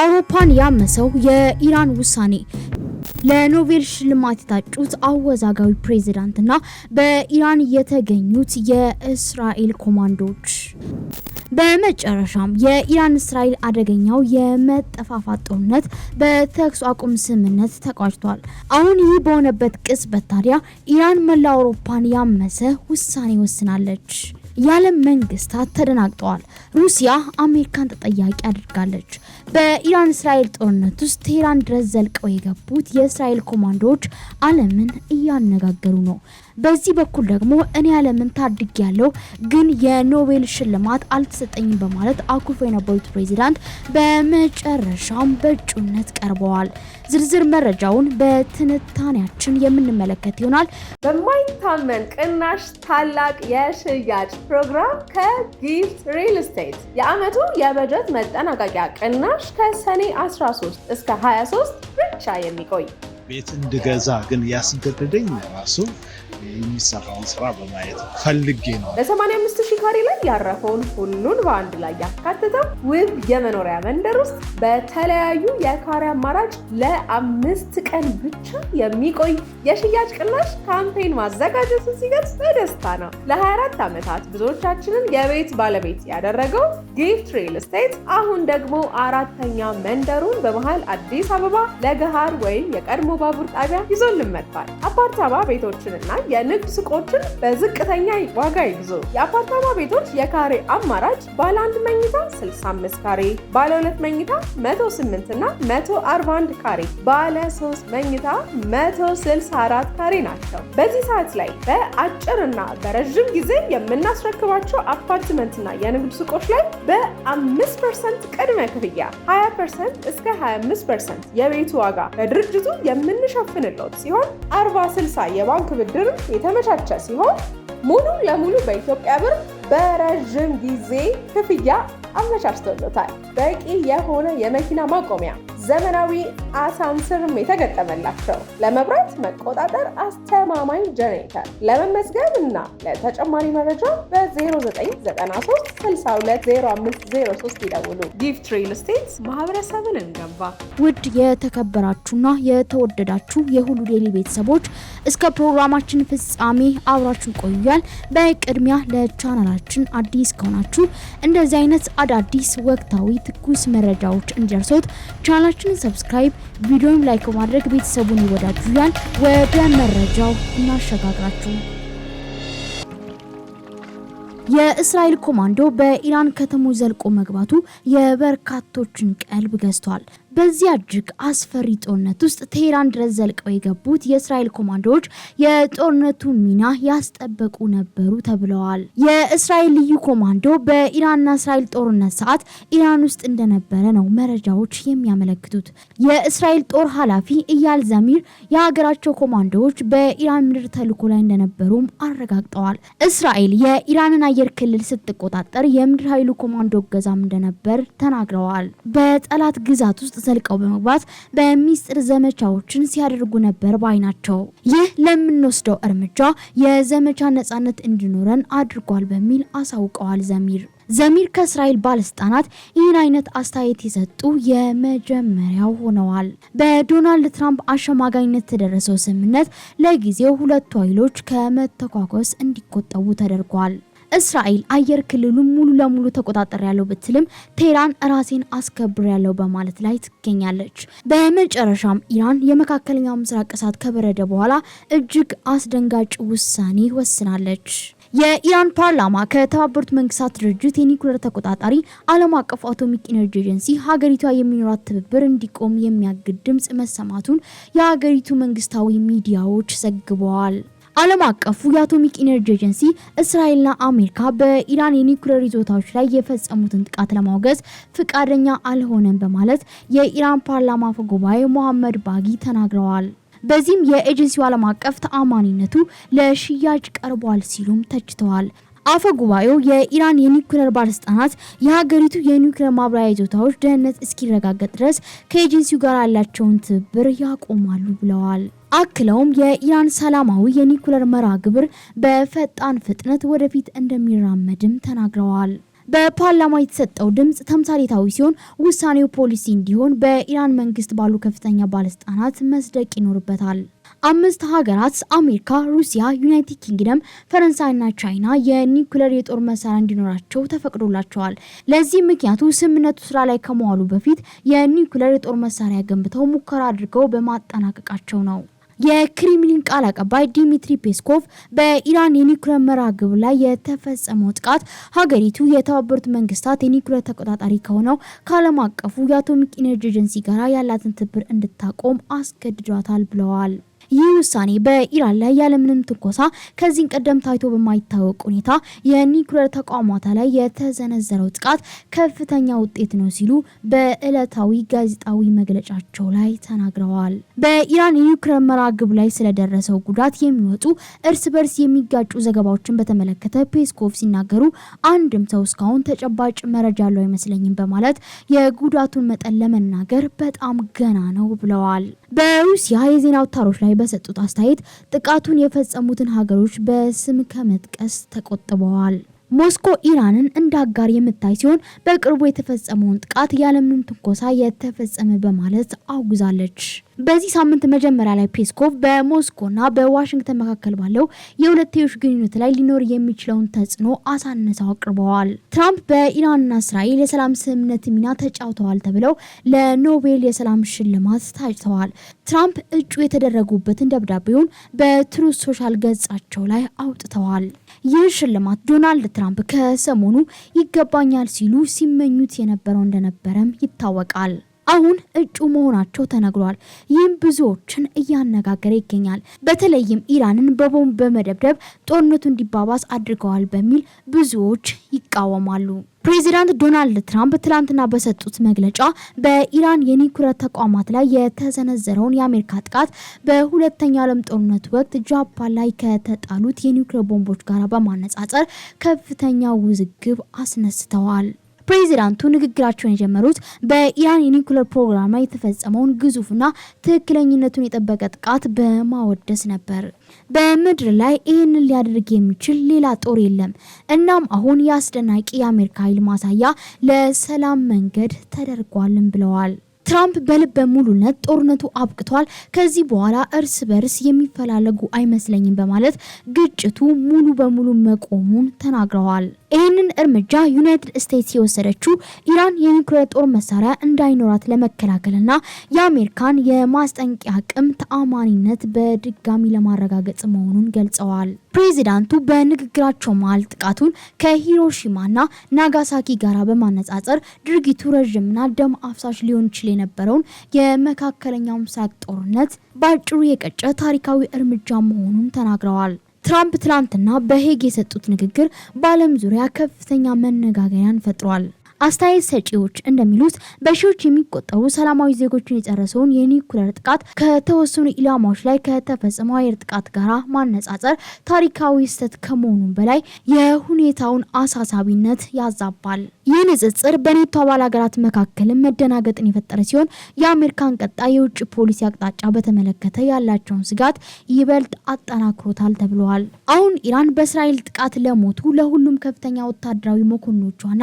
አውሮፓን ያመሰው የኢራን ውሳኔ ለኖቤል ሽልማት የታጩት ፕሬዚዳንት ፕሬዚዳንትና በኢራን የተገኙት የእስራኤል ኮማንዶዎች። በመጨረሻም የኢራን እስራኤል አደገኛው የመጠፋፋት ጦርነት በተኩስ አቁም ስምምነት ተቋጭቷል። አሁን ይህ በሆነበት ቅጽበት ታዲያ ኢራን መላ አውሮፓን ያመሰ ውሳኔ ወስናለች። የዓለም መንግስታት ተደናግጠዋል። ሩሲያ አሜሪካን ተጠያቂ አድርጋለች። በኢራን እስራኤል ጦርነት ውስጥ ቴህራን ድረስ ዘልቀው የገቡት የእስራኤል ኮማንዶዎች ዓለምን እያነጋገሩ ነው። በዚህ በኩል ደግሞ እኔ ዓለምን ታድግ ያለው ግን የኖቤል ሽልማት አልተሰጠኝም በማለት አኩርፎ የነበሩት ፕሬዚዳንት በመጨረሻም በእጩነት ቀርበዋል። ዝርዝር መረጃውን በትንታኔያችን የምንመለከት ይሆናል። በማይታመን ቅናሽ ታላቅ የሽያጭ ፕሮግራም ከጊፍት ሪል ስቴት የአመቱ የበጀት መጠናቀቂያ ቅናሽ ከሰኔ 13 እስከ 23 ብቻ የሚቆይ ቤት እንድገዛ ግን ያስገደደኝ ራሱ የሚሰራውን ስራ በማየት ፈልጌ ነው። በ85 ሺህ ካሬ ላይ ያረፈውን ሁሉን በአንድ ላይ ያካተተው ውብ የመኖሪያ መንደር ውስጥ በተለያዩ የካሬ አማራጭ ለአምስት ቀን ብቻ የሚቆይ የሽያጭ ቅናሽ ካምፔን ማዘጋጀቱ ሲገልጽ በደስታ ነው። ለ24 ዓመታት ብዙዎቻችንን የቤት ባለቤት ያደረገው ጊፍት ሪል ስቴት አሁን ደግሞ አራተኛ መንደሩን በመሃል አዲስ አበባ ለገሃር ወይም የቀድሞ ባቡር ጣቢያ ይዞ እንመጣል። አፓርታማ ቤቶችንና የንግድ ሱቆችን በዝቅተኛ ዋጋ ይግዙ። የአፓርታማ ቤቶች የካሬ አማራጭ ባለ አንድ መኝታ 65 ካሬ፣ ባለ ሁለት መኝታ 108 እና 141 ካሬ፣ ባለ ሶስት መኝታ 164 ካሬ ናቸው። በዚህ ሰዓት ላይ በአጭርና በረዥም ጊዜ የምናስረክባቸው አፓርትመንትና የንግድ ሱቆች ላይ በ5 ፐርሰንት ቅድመ ክፍያ 20 ፐርሰንት እስከ 25 ፐርሰንት የቤቱ ዋጋ በድርጅቱ የምንሸፍንለት ሲሆን 40 60 የባንክ ብድር የተመቻቸ ሲሆን ሙሉ ለሙሉ በኢትዮጵያ ብር በረዥም ጊዜ ክፍያ አመቻችተውለታል። በቂ የሆነ የመኪና ማቆሚያ ዘመናዊ አሳንስርም የተገጠመላቸው ለመብራት መቆጣጠር አስተማማኝ ጀኔሬተር። ለመመዝገብ እና ለተጨማሪ መረጃ በ0993 620503 ይደውሉ። ጊፍት ሪል ስቴት ማህበረሰብን እንገንባ። ውድ የተከበራችሁና የተወደዳችሁ የሁሉ ዴይሊ ቤተሰቦች እስከ ፕሮግራማችን ፍጻሜ አብራችሁ ቆያል። በቅድሚያ ለቻናላችን አዲስ ከሆናችሁ እንደዚህ አይነት አዳዲስ ወቅታዊ ትኩስ መረጃዎች እንዲደርሶት ቻናላችን ቻናላችንን ሰብስክራይብ፣ ቪዲዮም ላይክ በማድረግ ቤተሰቡን ይወዳጁያል። ወደ መረጃው እናሸጋግራችሁ። የእስራኤል ኮማንዶ በኢራን ከተሞች ዘልቆ መግባቱ የበርካቶችን ቀልብ ገዝቷል። በዚያ እጅግ አስፈሪ ጦርነት ውስጥ ቴሄራን ድረስ ዘልቀው የገቡት የእስራኤል ኮማንዶዎች የጦርነቱ ሚና ያስጠበቁ ነበሩ ተብለዋል። የእስራኤል ልዩ ኮማንዶ በኢራንና እስራኤል ጦርነት ሰዓት ኢራን ውስጥ እንደነበረ ነው መረጃዎች የሚያመለክቱት። የእስራኤል ጦር ኃላፊ እያል ዘሚር የሀገራቸው ኮማንዶዎች በኢራን ምድር ተልዕኮ ላይ እንደነበሩም አረጋግጠዋል። እስራኤል የኢራንን አየር ክልል ስትቆጣጠር የምድር ኃይሉ ኮማንዶ እገዛም እንደነበር ተናግረዋል። በጠላት ግዛት ውስጥ ዘልቀው በመግባት በሚስጥር ዘመቻዎችን ሲያደርጉ ነበር ባይ ናቸው። ይህ ለምንወስደው እርምጃ የዘመቻ ነጻነት እንዲኖረን አድርጓል በሚል አሳውቀዋል ዘሚር ዘሚር ከእስራኤል ባለስልጣናት ይህን አይነት አስተያየት የሰጡ የመጀመሪያው ሆነዋል። በዶናልድ ትራምፕ አሸማጋኝነት የተደረሰው ስምምነት ለጊዜው ሁለቱ ኃይሎች ከመተኳኮስ እንዲቆጠቡ ተደርጓል። እስራኤል አየር ክልሉን ሙሉ ለሙሉ ተቆጣጠር ያለው ብትልም ቴህራን ራሴን አስከብር ያለው በማለት ላይ ትገኛለች። በመጨረሻም ኢራን የመካከለኛው ምስራቅ እሳት ከበረደ በኋላ እጅግ አስደንጋጭ ውሳኔ ወስናለች። የኢራን ፓርላማ ከተባበሩት መንግስታት ድርጅት የኒኩሌር ተቆጣጣሪ ዓለም አቀፍ አቶሚክ ኢነርጂ ኤጀንሲ ሀገሪቷ የሚኖራት ትብብር እንዲቆም የሚያግድ ድምጽ መሰማቱን የሀገሪቱ መንግስታዊ ሚዲያዎች ዘግበዋል። ዓለም አቀፉ የአቶሚክ ኢነርጂ ኤጀንሲ እስራኤልና አሜሪካ በኢራን የኒውክሌር ይዞታዎች ላይ የፈጸሙትን ጥቃት ለማውገዝ ፍቃደኛ አልሆነም በማለት የኢራን ፓርላማ አፈ ጉባኤ ሞሐመድ ባጊ ተናግረዋል። በዚህም የኤጀንሲው ዓለም አቀፍ ተአማኒነቱ ለሽያጭ ቀርቧል ሲሉም ተችተዋል። አፈ ጉባኤው የኢራን የኒውክሌር ባለስልጣናት የሀገሪቱ የኒውክሌር ማብራሪያ ይዞታዎች ደህንነት እስኪረጋገጥ ድረስ ከኤጀንሲው ጋር ያላቸውን ትብብር ያቆማሉ ብለዋል። አክለውም የኢራን ሰላማዊ የኒውክሌር መርሃ ግብር በፈጣን ፍጥነት ወደፊት እንደሚራመድም ተናግረዋል። በፓርላማ የተሰጠው ድምጽ ተምሳሌታዊ ሲሆን ውሳኔው ፖሊሲ እንዲሆን በኢራን መንግስት ባሉ ከፍተኛ ባለስልጣናት መስደቅ ይኖርበታል። አምስት ሀገራት አሜሪካ፣ ሩሲያ፣ ዩናይትድ ኪንግደም፣ ፈረንሳይና ቻይና የኒውክሌር የጦር መሳሪያ እንዲኖራቸው ተፈቅዶላቸዋል። ለዚህ ምክንያቱ ስምምነቱ ስራ ላይ ከመዋሉ በፊት የኒውክሌር የጦር መሳሪያ ገንብተው ሙከራ አድርገው በማጠናቀቃቸው ነው። የክሪምሊን ቃል አቀባይ ዲሚትሪ ፔስኮቭ በኢራን የኒውክሌር መርሃ ግብር ላይ የተፈጸመው ጥቃት ሀገሪቱ የተባበሩት መንግስታት የኒውክሌር ተቆጣጣሪ ከሆነው ከዓለም አቀፉ የአቶሚክ ኢነርጂ ኤጀንሲ ጋር ያላትን ትብብር እንድታቆም አስገድዷታል ብለዋል። ይህ ውሳኔ በኢራን ላይ ያለምንም ትንኮሳ ከዚህ ቀደም ታይቶ በማይታወቅ ሁኔታ የኒኩሌር ተቋማት ላይ የተዘነዘረው ጥቃት ከፍተኛ ውጤት ነው ሲሉ በዕለታዊ ጋዜጣዊ መግለጫቸው ላይ ተናግረዋል። በኢራን የኒውክሌር መራግብ ላይ ስለደረሰው ጉዳት የሚወጡ እርስ በርስ የሚጋጩ ዘገባዎችን በተመለከተ ፔስኮቭ ሲናገሩ አንድም ሰው እስካሁን ተጨባጭ መረጃ ያለው አይመስለኝም በማለት የጉዳቱን መጠን ለመናገር በጣም ገና ነው ብለዋል። በሩሲያ የዜና አውታሮች ላይ በሰጡት አስተያየት ጥቃቱን የፈጸሙትን ሀገሮች በስም ከመጥቀስ ተቆጥበዋል። ሞስኮ ኢራንን እንደ አጋር የምታይ ሲሆን በቅርቡ የተፈጸመውን ጥቃት ያለምንም ትንኮሳ የተፈጸመ በማለት አውግዛለች። በዚህ ሳምንት መጀመሪያ ላይ ፔስኮቭ በሞስኮና በዋሽንግተን መካከል ባለው የሁለትዮሽ ግንኙነት ላይ ሊኖር የሚችለውን ተጽዕኖ አሳንሰው አቅርበዋል። ትራምፕ በኢራንና እስራኤል የሰላም ስምምነት ሚና ተጫውተዋል ተብለው ለኖቤል የሰላም ሽልማት ታጭተዋል። ትራምፕ እጩ የተደረጉበትን ደብዳቤውን በትሩስ ሶሻል ገጻቸው ላይ አውጥተዋል። ይህ ሽልማት ዶናልድ ትራምፕ ከሰሞኑ ይገባኛል ሲሉ ሲመኙት የነበረው እንደነበረም ይታወቃል። አሁን እጩ መሆናቸው ተነግሯል። ይህም ብዙዎችን እያነጋገረ ይገኛል። በተለይም ኢራንን በቦምብ በመደብደብ ጦርነቱ እንዲባባስ አድርገዋል በሚል ብዙዎች ይቃወማሉ። ፕሬዚዳንት ዶናልድ ትራምፕ ትላንትና በሰጡት መግለጫ በኢራን የኒኩለር ተቋማት ላይ የተሰነዘረውን የአሜሪካ ጥቃት በሁለተኛ ዓለም ጦርነት ወቅት ጃፓን ላይ ከተጣሉት የኒኩለር ቦምቦች ጋር በማነጻጸር ከፍተኛ ውዝግብ አስነስተዋል። ፕሬዚዳንቱ ንግግራቸውን የጀመሩት በኢራን የኒኩለር ፕሮግራም ላይ የተፈጸመውን ግዙፍና ትክክለኝነቱን የጠበቀ ጥቃት በማወደስ ነበር። በምድር ላይ ይህንን ሊያደርግ የሚችል ሌላ ጦር የለም። እናም አሁን የአስደናቂ የአሜሪካ ኃይል ማሳያ ለሰላም መንገድ ተደርጓልን ብለዋል። ትራምፕ በልበ ሙሉነት ጦርነቱ አብቅቷል፣ ከዚህ በኋላ እርስ በርስ የሚፈላለጉ አይመስለኝም በማለት ግጭቱ ሙሉ በሙሉ መቆሙን ተናግረዋል። ይህንን እርምጃ ዩናይትድ ስቴትስ የወሰደችው ኢራን የኒውክሌር ጦር መሳሪያ እንዳይኖራት ለመከላከልና የአሜሪካን የማስጠንቀቂያ አቅም ተአማኒነት በድጋሚ ለማረጋገጥ መሆኑን ገልጸዋል። ፕሬዚዳንቱ በንግግራቸው መሀል ጥቃቱን ከሂሮሺማና ናጋሳኪ ጋር በማነጻጸር ድርጊቱ ረዥምና ደም አፍሳሽ ሊሆን ይችላል የነበረውን የመካከለኛው ምስራቅ ጦርነት በአጭሩ የቀጨ ታሪካዊ እርምጃ መሆኑን ተናግረዋል። ትራምፕ ትላንትና በሄግ የሰጡት ንግግር በዓለም ዙሪያ ከፍተኛ መነጋገሪያን ፈጥሯል። አስተያየት ሰጪዎች እንደሚሉት በሺዎች የሚቆጠሩ ሰላማዊ ዜጎችን የጨረሰውን የኒኩለር ጥቃት ከተወሰኑ ኢላማዎች ላይ ከተፈጸመው አየር ጥቃት ጋር ማነጻጸር ታሪካዊ ስህተት ከመሆኑም በላይ የሁኔታውን አሳሳቢነት ያዛባል። ይህ ንጽጽር በኔቶ አባል ሀገራት መካከልም መደናገጥን የፈጠረ ሲሆን የአሜሪካን ቀጣይ የውጭ ፖሊሲ አቅጣጫ በተመለከተ ያላቸውን ስጋት ይበልጥ አጠናክሮታል ተብለዋል። አሁን ኢራን በእስራኤል ጥቃት ለሞቱ ለሁሉም ከፍተኛ ወታደራዊ መኮንኖቿና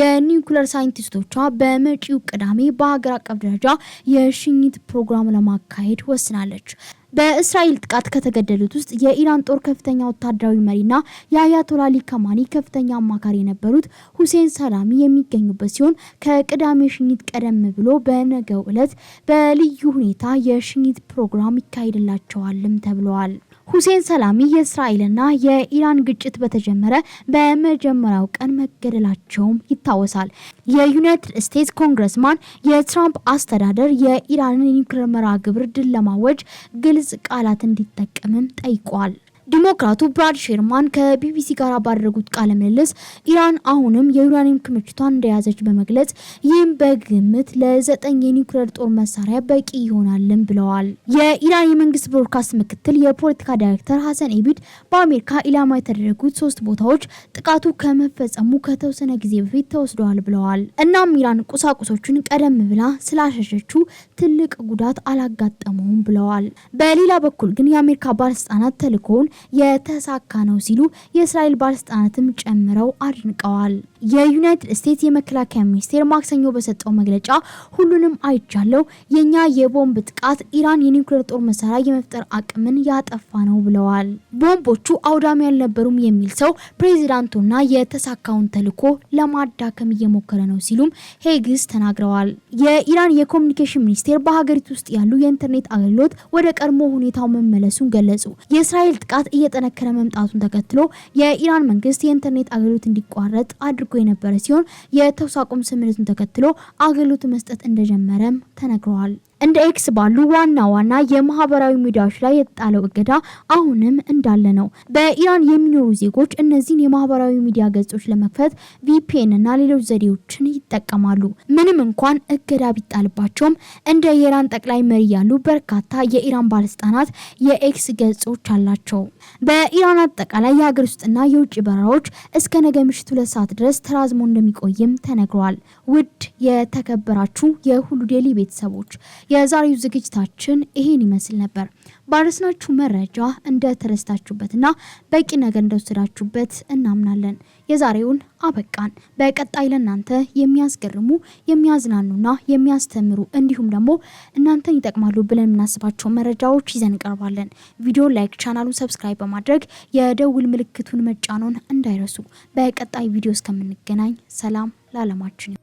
የኒ የኒውክለር ሳይንቲስቶቿ በመጪው ቅዳሜ በሀገር አቀፍ ደረጃ የሽኝት ፕሮግራም ለማካሄድ ወስናለች። በእስራኤል ጥቃት ከተገደሉት ውስጥ የኢራን ጦር ከፍተኛ ወታደራዊ መሪና የአያቶላ አሊ ከማኒ ከፍተኛ አማካሪ የነበሩት ሁሴን ሰላሚ የሚገኙበት ሲሆን ከቅዳሜ ሽኝት ቀደም ብሎ በነገው ዕለት በልዩ ሁኔታ የሽኝት ፕሮግራም ይካሄድላቸዋልም ተብለዋል። ሁሴን ሰላሚ የእስራኤልና የኢራን ግጭት በተጀመረ በመጀመሪያው ቀን መገደላቸውም ይታወሳል። የዩናይትድ ስቴትስ ኮንግረስማን የትራምፕ አስተዳደር የኢራንን የኒውክሌር መርሃ ግብር ድል ለማወጅ ግልጽ ቃላት እንዲጠቀምም ጠይቋል። ዲሞክራቱ ብራድ ሼርማን ከቢቢሲ ጋር ባደረጉት ቃለ ምልልስ ኢራን አሁንም የዩራኒየም ክምችቷን እንደያዘች በመግለጽ ይህም በግምት ለዘጠኝ የኒውክሌር ጦር መሳሪያ በቂ ይሆናልን ብለዋል። የኢራን የመንግስት ብሮድካስት ምክትል የፖለቲካ ዳይሬክተር ሀሰን ኤቢድ በአሜሪካ ኢላማ የተደረጉት ሶስት ቦታዎች ጥቃቱ ከመፈጸሙ ከተወሰነ ጊዜ በፊት ተወስደዋል ብለዋል። እናም ኢራን ቁሳቁሶቹን ቀደም ብላ ስላሸሸችው ትልቅ ጉዳት አላጋጠመውም ብለዋል። በሌላ በኩል ግን የአሜሪካ ባለስልጣናት ተልእኮውን የተሳካ ነው ሲሉ የእስራኤል ባለስልጣናትም ጨምረው አድንቀዋል። የዩናይትድ ስቴትስ የመከላከያ ሚኒስቴር ማክሰኞ በሰጠው መግለጫ ሁሉንም አይቻለው፣ የእኛ የቦምብ ጥቃት ኢራን የኒውክሌር ጦር መሳሪያ የመፍጠር አቅምን ያጠፋ ነው ብለዋል። ቦምቦቹ አውዳሚ አልነበሩም የሚል ሰው ፕሬዚዳንቱና የተሳካውን ተልዕኮ ለማዳከም እየሞከረ ነው ሲሉም ሄግስ ተናግረዋል። የኢራን የኮሚኒኬሽን ሚኒስቴር በሀገሪቱ ውስጥ ያሉ የኢንተርኔት አገልግሎት ወደ ቀድሞ ሁኔታው መመለሱን ገለጹ። የእስራኤል ጥቃት እየጠነከረ መምጣቱን ተከትሎ የኢራን መንግስት የኢንተርኔት አገልግሎት እንዲቋረጥ አድርጎ የነበረ ሲሆን የተኩስ አቁም ስምምነቱን ተከትሎ አገልግሎት መስጠት እንደጀመረም ተነግረዋል። እንደ ኤክስ ባሉ ዋና ዋና የማህበራዊ ሚዲያዎች ላይ የተጣለው እገዳ አሁንም እንዳለ ነው። በኢራን የሚኖሩ ዜጎች እነዚህን የማህበራዊ ሚዲያ ገጾች ለመክፈት ቪፒኤን እና ሌሎች ዘዴዎችን ይጠቀማሉ። ምንም እንኳን እገዳ ቢጣልባቸውም እንደ የኢራን ጠቅላይ መሪ ያሉ በርካታ የኢራን ባለስልጣናት የኤክስ ገጾች አላቸው። በኢራን አጠቃላይ የሀገር ውስጥና የውጭ በረራዎች እስከ ነገ ምሽት ሁለት ሰዓት ድረስ ተራዝሞ እንደሚቆይም ተነግሯል። ውድ የተከበራችሁ የሁሉ ዴይሊ ቤተሰቦች የዛሬው ዝግጅታችን ይሄን ይመስል ነበር። ባረስናችሁ መረጃ እንደተደሰታችሁበትና በቂ ነገር እንደወሰዳችሁበት እናምናለን። የዛሬውን አበቃን። በቀጣይ ለእናንተ የሚያስገርሙ የሚያዝናኑና የሚያስተምሩ እንዲሁም ደግሞ እናንተን ይጠቅማሉ ብለን የምናስባቸው መረጃዎች ይዘን እንቀርባለን። ቪዲዮ ላይክ፣ ቻናሉን ሰብስክራይብ በማድረግ የደውል ምልክቱን መጫኖን እንዳይረሱ። በቀጣይ ቪዲዮ እስከምንገናኝ ሰላም ለዓለማችን።